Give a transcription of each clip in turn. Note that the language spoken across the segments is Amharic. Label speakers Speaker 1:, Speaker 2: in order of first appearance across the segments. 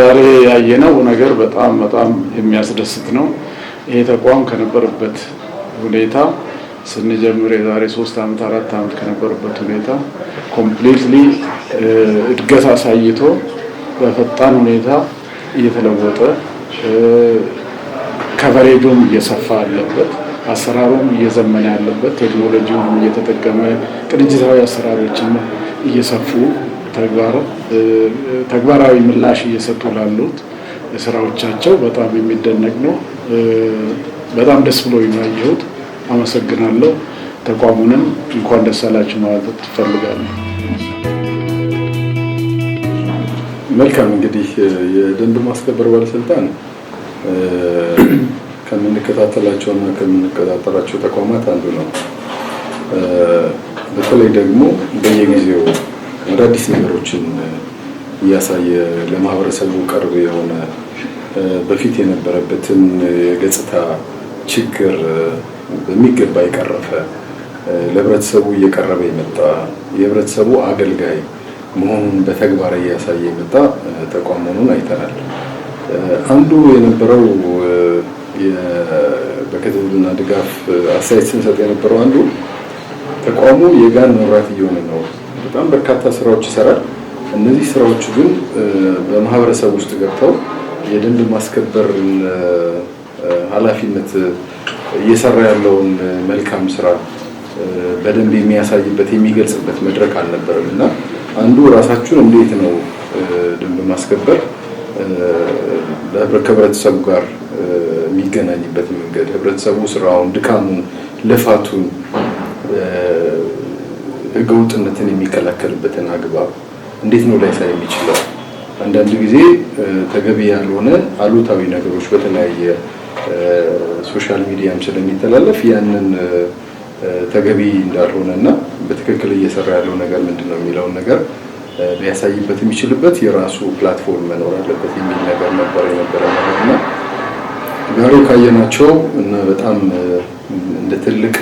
Speaker 1: ዛሬ ያየነው ነገር በጣም በጣም የሚያስደስት ነው። ይሄ ተቋም ከነበረበት ሁኔታ ስንጀምር የዛሬ ሶስት ዓመት አራት ዓመት ከነበረበት ሁኔታ ኮምፕሊትሊ እድገት አሳይቶ በፈጣን ሁኔታ እየተለወጠ ከቨሬጁም እየሰፋ ያለበት አሰራሩም እየዘመነ ያለበት ቴክኖሎጂውም እየተጠቀመ ቅንጅታዊ አሰራሮችም እየሰፉ ተግባራዊ ምላሽ እየሰጡ ላሉት ስራዎቻቸው በጣም የሚደነቅ ነው። በጣም ደስ ብሎ ያየሁት። አመሰግናለሁ። ተቋሙንም እንኳን ደስ አላችሁ ማለት ትፈልጋለሁ። መልካም እንግዲህ የደንብ ማስከበር ባለስልጣን ከምንከታተላቸው እና ከምንቀጣጠራቸው ተቋማት አንዱ ነው። በተለይ ደግሞ በየጊዜው አዳዲስ ነገሮችን እያሳየ ለማህበረሰቡ ቅርብ የሆነ በፊት የነበረበትን የገጽታ ችግር በሚገባ የቀረፈ ለህብረተሰቡ እየቀረበ የመጣ የህብረተሰቡ አገልጋይ መሆኑን በተግባር እያሳየ የመጣ ተቋም መሆኑን አይተናል። አንዱ የነበረው በክትትልና ድጋፍ አስተያየት ስንሰጥ የነበረው አንዱ ተቋሙ የጋን መብራት እየሆነ ነው በጣም በርካታ ስራዎች ይሰራል። እነዚህ ስራዎች ግን በማህበረሰብ ውስጥ ገብተው የደንብ ማስከበርን ኃላፊነት እየሰራ ያለውን መልካም ስራ በደንብ የሚያሳይበት የሚገልጽበት መድረክ አልነበረም እና አንዱ ራሳችሁን እንዴት ነው ደንብ ማስከበር ከህብረተሰቡ ጋር የሚገናኝበት መንገድ ህብረተሰቡ ስራውን፣ ድካሙን፣ ልፋቱን ህገወጥነትን የሚከላከልበትን አግባብ እንዴት ነው ላይሳ የሚችለው? አንዳንድ ጊዜ ተገቢ ያልሆነ አሉታዊ ነገሮች በተለያየ ሶሻል ሚዲያም ስለሚተላለፍ ያንን ተገቢ እንዳልሆነ እና በትክክል እየሰራ ያለው ነገር ምንድን ነው የሚለውን ነገር ሊያሳይበት የሚችልበት የራሱ ፕላትፎርም መኖር አለበት የሚል ነገር ነበር የነበረ ነገር እና ዛሬ ካየናቸው እና በጣም እንደ ትልቅ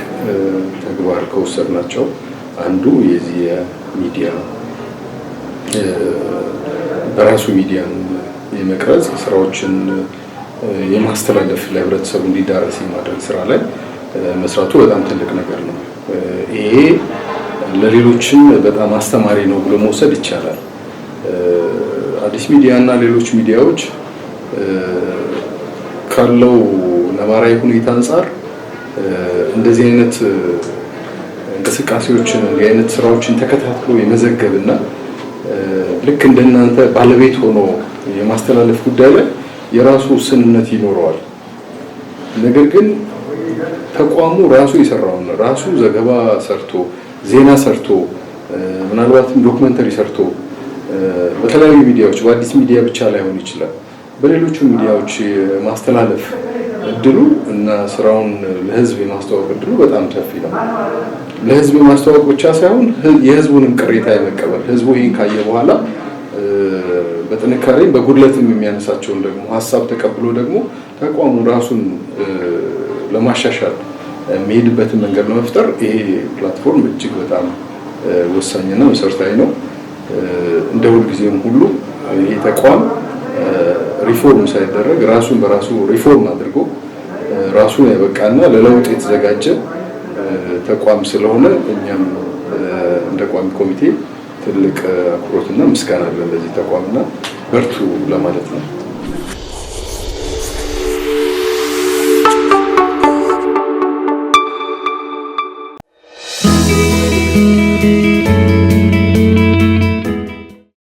Speaker 1: ተግባር ከወሰድናቸው አንዱ የዚህ ሚዲያ በራሱ ሚዲያን የመቅረጽ ስራዎችን የማስተላለፍ ለህብረተሰቡ እንዲዳረስ የማድረግ ስራ ላይ መስራቱ በጣም ትልቅ ነገር ነው። ይሄ ለሌሎችም በጣም አስተማሪ ነው ብሎ መውሰድ ይቻላል። አዲስ ሚዲያ እና ሌሎች ሚዲያዎች ካለው ነባራዊ ሁኔታ አንጻር እንደዚህ አይነት እንቅስቃሴዎችን የአይነት ስራዎችን ተከታትሎ የመዘገብና ልክ እንደናንተ ባለቤት ሆኖ የማስተላለፍ ጉዳይ ላይ የራሱ ውስንነት ይኖረዋል። ነገር ግን ተቋሙ ራሱ የሰራውን ራሱ ዘገባ ሰርቶ ዜና ሰርቶ ምናልባትም ዶክመንተሪ ሰርቶ በተለያዩ ሚዲያዎች በአዲስ ሚዲያ ብቻ ላይሆን ይችላል፣ በሌሎቹ ሚዲያዎች የማስተላለፍ እድሉ እና ስራውን ለህዝብ የማስተዋወቅ እድሉ በጣም ሰፊ ነው። ለህዝብ ማስተዋወቅ ብቻ ሳይሆን የህዝቡንም ቅሬታ የመቀበል ህዝቡ ይህን ካየ በኋላ በጥንካሬ በጉድለትም የሚያነሳቸውን ደግሞ ሀሳብ ተቀብሎ ደግሞ ተቋሙ ራሱን ለማሻሻል የሚሄድበትን መንገድ ለመፍጠር ይሄ ፕላትፎርም እጅግ በጣም ወሳኝና መሰረታዊ ነው። እንደ ሁልጊዜም ሁሉ ይሄ ተቋም ሪፎርም ሳይደረግ ራሱን በራሱ ሪፎርም አድርጎ ራሱን ያበቃና ለለውጥ የተዘጋጀ ተቋም ስለሆነ እኛም እንደ ቋሚ ኮሚቴ ትልቅ አክብሮትና ምስጋና አለን ለዚህ ተቋምና በርቱ ለማለት ነው።